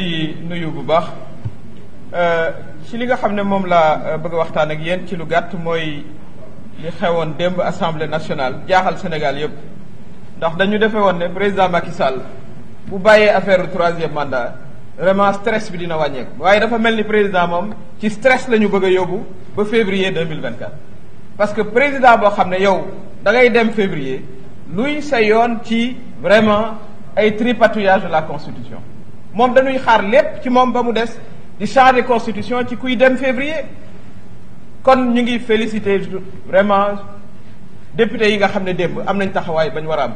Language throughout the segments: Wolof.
di nuyu bu baax euh, ci li nga xam ne moom laa euh, bëgg waxtaan ak yéen ci lu gàtt mooy li xewoon démb assemblée nationale jaaxal Sénégal yëpp ndax dañu defe woon ne président Macky Sall bu bàyyee affaire troisième mandat vraiment stress bi dina wàññeek waaye dafa mel ni président moom ci stress la ñu bëgg a yóbbu ba février 2024 parce que président boo xam ne yow dangay dem février luy sa yoon ci vraiment ay tripatouillage de la constitution moom dañuy xaar lépp ci moom ba mu des di changer constitution ci kuy dem février kon ñu ngi féliciter vraiment député yi nga xam ne démb am nañ taxawaay ba ñu war a am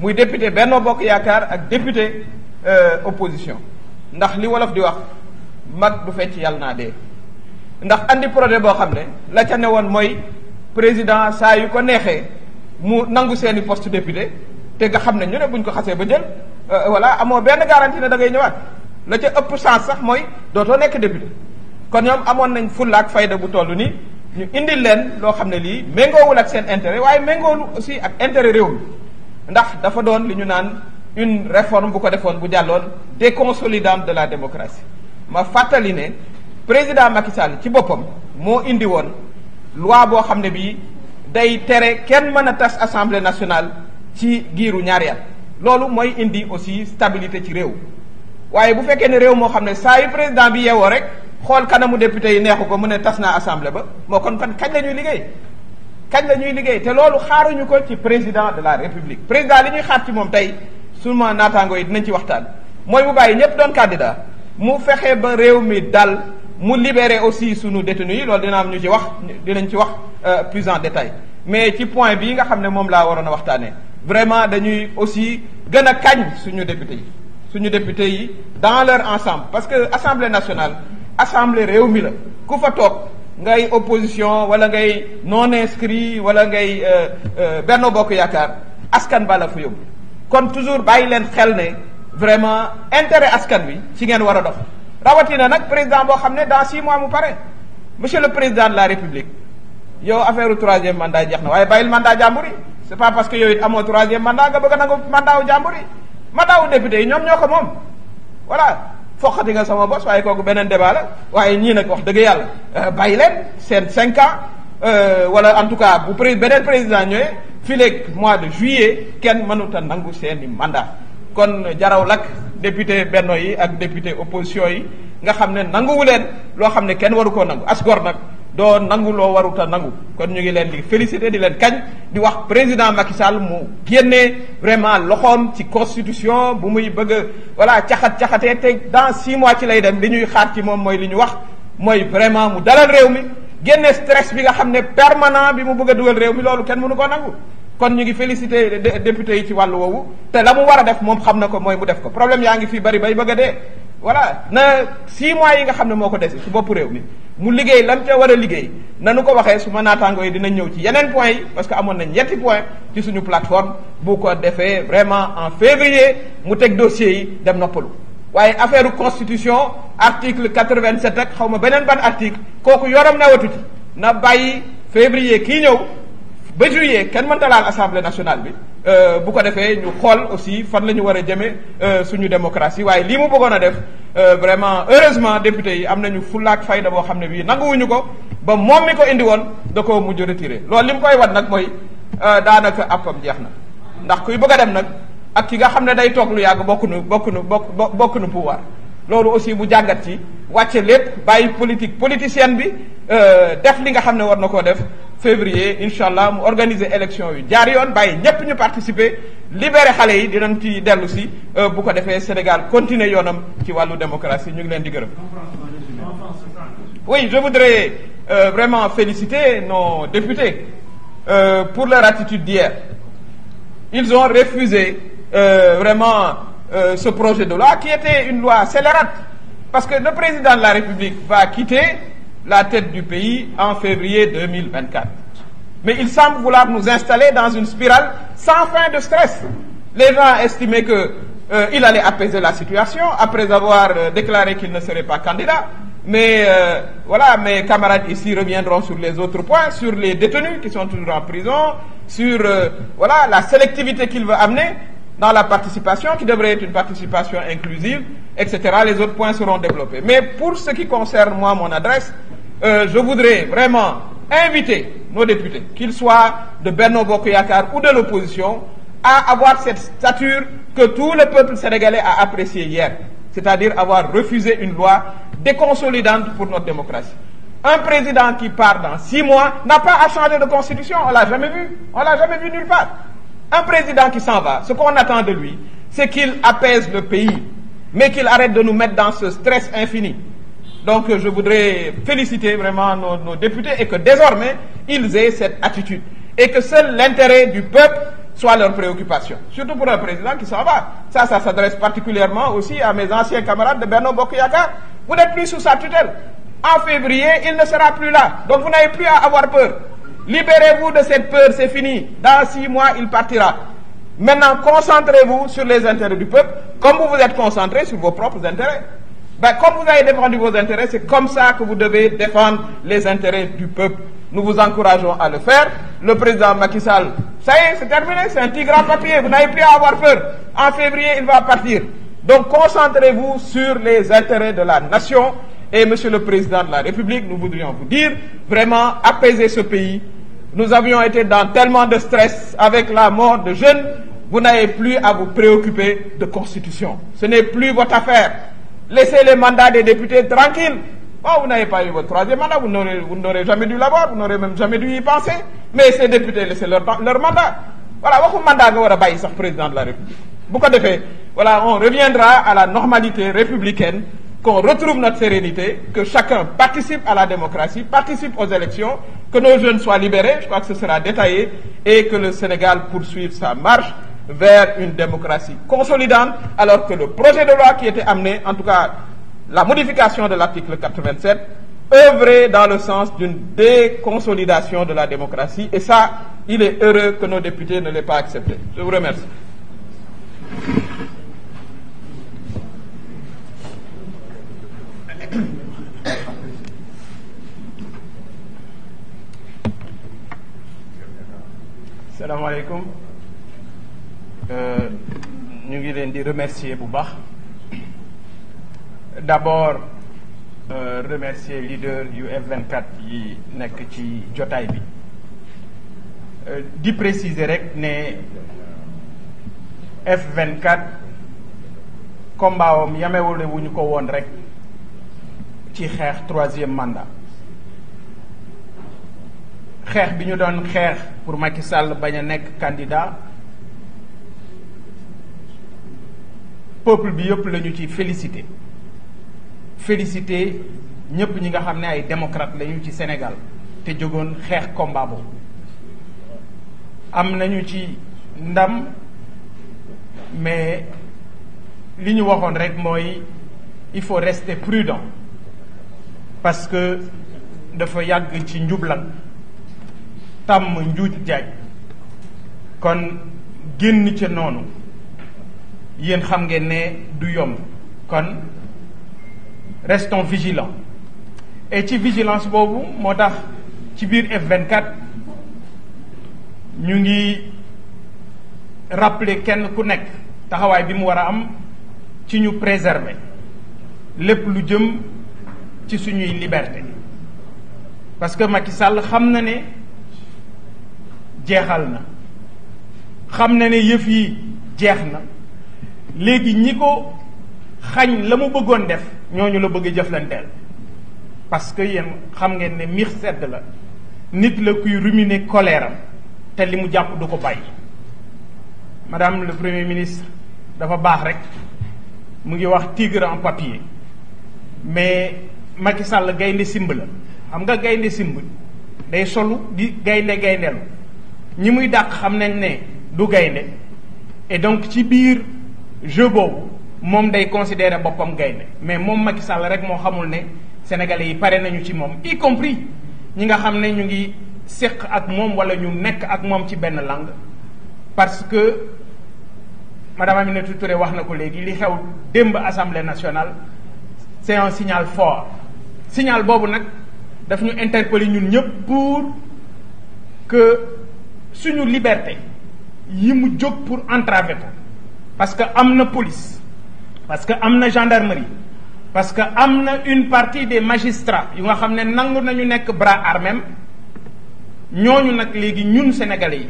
muy député Benno Bokk Yaakaar ak député euh, opposition ndax li wolof di wax mag du fecc yàlla naa dee ndax andi projet boo xam ne la ca ne woon mooy président saa yu ko neexee mu nangu seeni poste député te nga xam ne ñu ne buñ ko xasee ba jël Euh, voilà amoo benn garantie ne da ngay ñëwaat la ca ëpp chance sax mooy dootoo nekk député kon ñoom amoon nañ fullaak fayda bu toll nii ñu indil leen loo xam ne lii méngoowul ak seen intérêt waaye méngoowul aussi ak intérêt réew mi ndax dafa doon li ñu naan une réforme bu ko defoon bu jàlloon déconsolidante de la démocratie ma fàttali ne président Macky Sall ci boppam moo indi woon loi boo xam ne bii day tere kenn mën a tas assemblée nationale ci giiru ñaari loolu mooy indi aussi stabilité ci réew waaye bu fekkee ne réew moo xam ne saa yu président bi yeewoo rek xool kanamu député yu neexu ko mu ne tas naa assemblée ba moo kon kan kañ la ñuy liggéey kañ la ñuy liggéey te loolu xaaruñu ko ci président de la république président li ñuy xaar ci moom tey su ma naataango yi dinañ ci waxtaan mooy mu bàyyi ñëpp doon candidat mu fexe ba réew mi dal mu libéré aussi sunu détenus yi loolu dina am ñu ci wax dinañ ci wax euh, plus en détail mais ci point bii nga xam ne moom laa waroon a waxtaanee vraiment dañuy aussi gën a kañ suñu député yi suñu député yi dans leur ensemble parce que assemblée nationale assemblée réew mi la ku fa toog ngay opposition wala ngay non inscrit wala ngay euh, euh, benn Bokk Yaakaar askan ba la fa yóbbu kon toujours bàyyi leen xel ne vraiment intérêt askan bi ci ngeen war a dox rawatina nag président boo xam ne dans six mois mu pare monsieur le président de la république yow affaire troisième mandat jeex na waaye bàyyil mandat jàmbur yi c'est pas parce que yow it amoo troisième mandat nga bëgg a nangu mandat wu jàmbur yi mandat wu député yi ñoom ñoo ko moom voilà foqati nga sama bos waaye kooku beneen débat la waaye ñii nag wax dëgg yàlla euh, bàyyi leen seen cinq ans euh, wala en tout cas bu pré beneen président ñëwee fileeg mois de juillet kenn mënut a nangu seen i mandat kon jaraw lag député benno yi ak député opposition yi nga xam ne nanguwu leen loo xam ne kenn waru koo nangu as gor nag doo nangu loo waruta nangu kon ñu ngi leen di félicité di leen kañ di wax président Macky Sall mu génnee vraiment loxoom ci constitution bu muy bëgg a voilà caxat caxate te dans six mois ci lay dem li ñuy xaar ci moom mooy li ñu wax mooy vraiment mu dalal réew mi génne stress bi nga xam ne permanent bi mu bëgg a dugal réew mi loolu kenn mënu ko nangu. kon ñu ngi féliciter député yi ci wàll woowu te la mu war def moom xam na ko mooy mu def ko problème yaa fii bari bay bëgg dee voilà na six mois yi nga xam ne moo ko dese ci bopp réew mi. mu liggéey lan ca war a liggéey nanu ko waxee su ma naataangoo yi dinañ ñëw ci yeneen point yi parce que amoon nañ ñetti point ci suñu plateforme bu ko defee vraiment en février mu teg dossier yi dem noppalu waaye affaire constitution article 87 ak xaw ma beneen ban article kooku yoram nawatu ci na bàyyi février kii ñëw ba juillet kenn mënta laal assemblée nationale bi euh, bu ko defee ñu xool aussi fan la ñu war a jëme euh, suñu démocratie waaye lii mu bëggoon a def Euh, vraiment heureusement député yi am nañu fulaak fayda boo xam ne bii nanguwuñu ko ba moom mi ko indi woon da koo mujj retiré loolu li mu koy wan nag mooy euh, daanaka appam jeex na ndax kuy bëgg dem nag ak ki nga xam ne day toog lu yàgg bokk nu bokk nu bokk bokk nu pouvoir loolu aussi bu jàngat ci wàcce lépp bàyyi politique politicienne bi euh, def li nga xam ne war na koo def février incha allah mu organiser élection yu jaar yoon bàyyi ñépp ñu participer libéré xale yi dinañ ci dellu si euh, bu ko defee Sénégal continuer yoonam ci wàllu démocratie ñu ngi leen di gërëm. oui je voudrais euh, vraiment féliciter no députés euh, pour leur attitude d'hier ils ont refusé euh, vraiment. euh, ce projet de loi qui une loi scélérate. Parce que le président de la République va quitter la tête du pays en février 2024. Mais il semble vouloir nous installer dans une spirale sans fin de stress. Les gens estimaient que euh, il allait apaiser la situation après avoir euh, déclaré qu'il ne serait pas candidat. Mais euh, voilà, mes camarades ici reviendront les autres points, sur les détenus qui sont toujours en prison, sur euh, la sélectivité qu'il veut amener. dans la participation qui devrait être une participation inclusive, etc. Les autres points seront développés. Mais pour ce qui concerne moi, mon adresse, euh, je voudrais vraiment inviter nos députés, qu'ils soient de Bernard Bokoyakar ou de l'opposition, à avoir cette stature que tout le peuple sénégalais a appréciée hier, c'est-à-dire avoir refusé une loi déconsolidante pour notre démocratie. Un président qui part dans six mois n'a pas à changer de constitution, l'a Un président qui s'en va, ce qu'on attend de lui, c'est qu'il apaise le pays, mais qu'il arrête de nous mettre dans ce stress infini. Donc je voudrais féliciter vraiment nos, nos députés et que désormais, ils aient cette attitude. Et que seul l'intérêt du peuple soit leur préoccupation. Surtout pour un président qui s'en va. Ça, ça s'adresse particulièrement aussi à mes anciens camarades de Bernard Bokuyaka. Vous n'êtes plus sous sa tutelle. En février, il ne sera plus là. Donc vous n'avez plus à avoir peur. Libérez-vous de cette peur, c'est fini. Dans six mois, il partira. Maintenant, concentrez-vous sur les intérêts du peuple, comme vous vous êtes concentré sur vos propres intérêts. comme vous avez défendu vos intérêts, c'est comme ça que vous devez défendre les intérêts du peuple. Nous vous encourageons à le faire. Le président Macky Sall, ça y est, c'est terminé, c'est un petit grand papier, vous n'avez plus à avoir peur. En février, il va partir. Donc, concentrez-vous sur les intérêts de la nation. Et Monsieur le Président la République, nous voudrions vous dire, vraiment, apaisez ce pays, nous avions été dans tellement de stress avec la mort de jeunes, vous n'avez plus à vous préoccuper de constitution. Ce n'est plus votre affaire. Laissez les mandats des députés tranquilles. Oh, vous n'avez pas eu votre troisième mandat, vous n'aurez jamais dû l'avoir, vous n'aurez même jamais dû y penser. Mais ces députés, laissez leur, mandat. Voilà, Voilà, on reviendra à la normalité républicaine qu'on retrouve notre sérénité, que chacun participe à la démocratie, participe aux élections, que nos jeunes soient libérés, je crois que ce sera détaillé, et que le Sénégal poursuive sa marche vers de la modification de l'article 87, dans le sens d'une de la démocratie. Et ça, il est heureux salaamaaleykum euh, ñu ngi leen di remercier bu baax d'abord euh, remercier leader yu f yi nekk ci jotaay bi euh, di préciser rek ne F24 combat am wu ñu ko woon rek ci xeex troisième mandat xeex bi ñu doon xeex pour Macky Sall bañ a nekk candidat peuple bi yëpp lañu ci félicité félicité ñëpp ñi nga xam ne ay démocrate lañu ci Sénégal te jógoon xeex combat boobu am nañu ci ndam mais li ñu waxoon rek mooy il faut rester prudent parce que dafa yàgg ci njublan tàmm njuuj njaaj kon génn ca noonu yéen xam ngeen ne du yomb kon restons vigilants et ci vigilance boobu moo tax ci biir F24 ñu ngi rappeler kenn ku nekk taxawaay bi mu war a am ci ñu préserver lépp lu jëm ci suñuy liberté parce que Macky Sall xam na ne jeexal na xam na ne yëf yi jeex na léegi ñi ko xañ la mu bëggoon def ñoo ñu la bëgg jëflanteel parce que yéen xam nga ne miix sedd la nit la kuy ruminer colère te li mu jàpp du ko bàyyi. madame le premier ministre dafa baax rek mu ngi wax tigre en papier mais Macky Sall gaynde simb la xam nga gaynde simb day solu di gaynde gayndelu ñi muy dàq xam nañ ne du gaynde et donc ci biir jeu boobu moom day considérer boppam gaynde mais moom Macky Sall rek moo xamul ne sénégalais yi pare nañu ci moom y compris ñi nga xam ne ñu ngi séq ak moom wala ñu nekk ak moom ci benn lang parce que madame Aminata Touré wax na ko léegi li xew démb assemblée nationale c'est un signal fort signal boobu nag daf ñu interpeller ñun ñëpp pour que suñu liberté yi mu jóg pour entraver ko parce que am na police parce que am na gendarmerie parce que am na une partie des magistrats yu nga xam ne nangu nañu nekk bras armé ñooñu nag léegi ñun sénégalais yi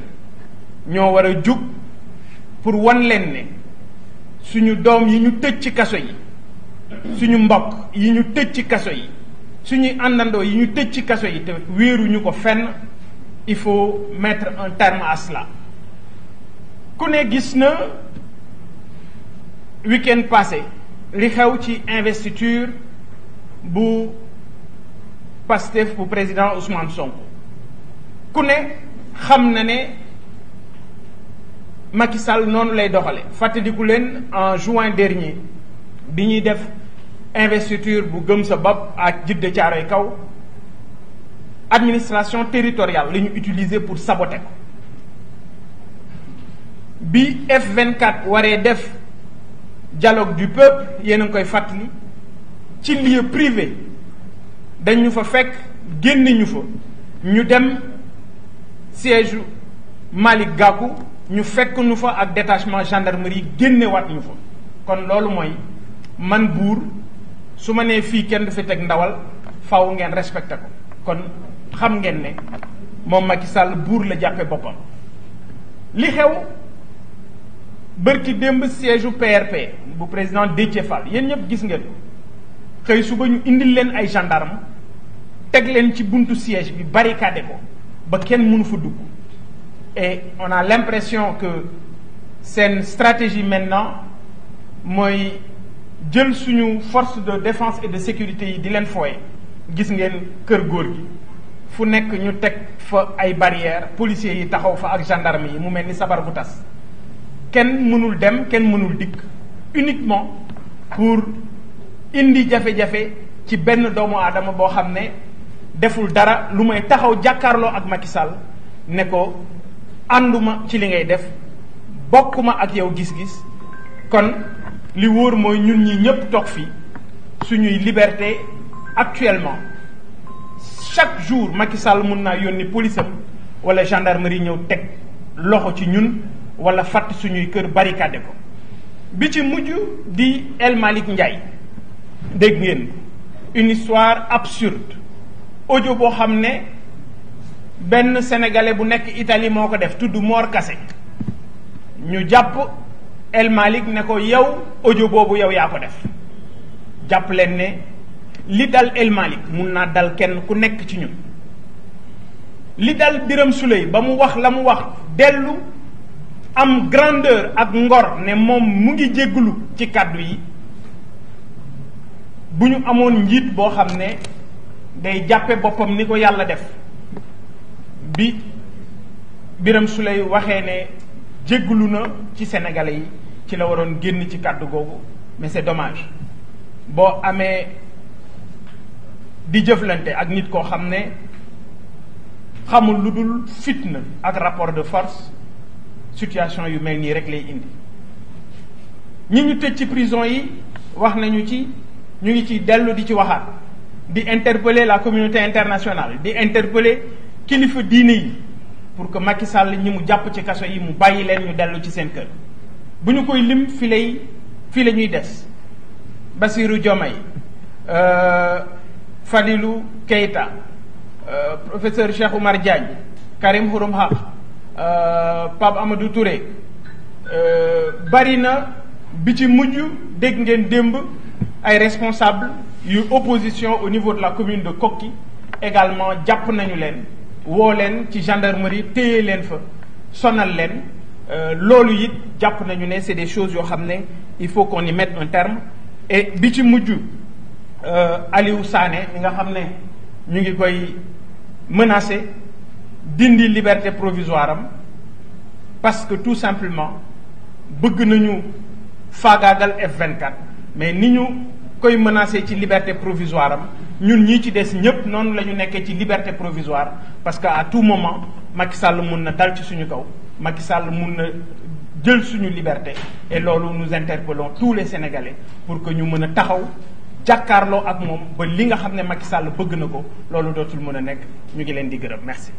ñoo war a jug pour wan leen ne suñu doom yi ñu tëj ci kaso yi suñu mbokk yi ñu tëj ci kaso yi suñuy àndandoo yi ñu tëj ci kaso yi te wéeruñu ko fenn il faut mettre un terme à cela ku ne gis na week-end li xew ci investiture bu Pastef bu président Ousmane Sonko ku ne xam na ne Macky Sall noonu lay doxale fàttaliku leen en juin dernier bi ñuy def investiture bu gëm sa bopp ak Jidda Caaroy Kaw administration territorial la ñu utiliser pour saboter ko bi F24 waree def dialogue du peuple yéen a ngi koy fàttali ci lieu privé dañ ñu fa fekk génn ñu fa ñu dem siège Malick Gakou ñu fekk ñu fa ak détachement gendarmerie génnewaat ñu fa kon loolu mooy man buur su ma nee fii kenn du fi teg ndawal faw ngeen respecté ko kon xam ngeen ne moom Macky Sall buur la jàppe boppam li xew bërki démb siège u PRP bu président Déthié Fall yéen ñëpp gis ngeen xëy suba ñu indil leen ay gendarme teg leen ci buntu siège bi barricadé ko ba kenn mënu fa dugg et on a l'impression que seen stratégie maintenant mooy jël suñu force de défense et de sécurité yi di leen fooye gis ngeen kër góor gi fu nekk ñu teg fa ay barrières policiers yi taxaw fa ak gendarme yi mu mel ni sabar bu tas kenn mënul dem kenn mënul dikk uniquement pour indi jafe-jafe ci benn doomu aadama boo xam ne deful dara lu may taxaw jàkkaarloo ak Macky ne ko ànduma ci li ngay def bokkuma ak yow gis-gis kon li wóor mooy ñun ñi ñëpp toog fii suñuy liberté actuellement chaque jour Macky Sall mun naa yónni police am wala gendarmerie ñëw teg loxo ci ñun wala fàtt suñuy kër barricade ko bi ci mujj di El Malick Ndiaye dégg ngeen une histoire absurde audio boo xam ne benn sénégalais bu nekk Italie moo ko def tudd Mor kase ñu jàpp El ne ko yow ojo boobu yow yaa ko def jàpp leen ne li dal El Malick mun naa dal kenn ku nekk ci ñu li dal Biram Souley ba mu wax la mu wax dellu am grandeur ak ngor ne moom mu ngi jégglu ci kàddu yi bu ñu amoon njiit boo xam ne day jàppe boppam ni ko yàlla def bi Biram Souley waxee ne jégglu na ci Sénégalais yi ci la waroon génn ci kàddu googu mais c'est boo amee di jëflante ak nit koo xam ne xamul lu dul fitna ak rapport de force situation yu mel nii rek lay indi ñi ñu tëj ci prison yi wax nañu ci ñu ngi ci dellu di ci waxaat di interpeller la communauté internationale di interpeller kilifa diine yi pour que Macky Sall ñi mu jàpp ci kaso yi mu bàyyi leen ñu dellu ci seen kër bu ñu koy lim fi lay fii la ñuy des Bassirou Diomaye euh, Fadilou Keita euh, professeur Cheikh Oumar Diagne Karim Xurum Xaq euh, Pape Amadou Touré euh, bari na bi ci mujj dégg ngeen démb ay responsable yu opposition au niveau de la commune de Koki également jàpp nañu leen woo leen ci gendarmerie téye leen fa sonal leen loolu it jàpp nañu ne c'est des choses yoo xam ne il faut qu'on y mette un terme et bi ci mujj Euh, Aliou Sané mi nga xam ne ñu ngi koy menacé dindi liberté provisoire am parce que tout simplement bëgg nañu faagaagal f mais ni ñu koy menacé ci liberté provisoire am ñun ñii ci des ñëpp noonu la ñu nekkee ci liberté provisoire parce que à tout moment Macky sàll mun na dal ci suñu kaw Macky sàll mun na jël suñu liberté et loolu nous interpellons tout les Sénégalais pour que ñu mën a taxaw jàkkaarloo ak moom ba li nga xam ne Macky sàll bëgg na ko loolu dootul mën a nekk ñu ngi leen di gërëm merci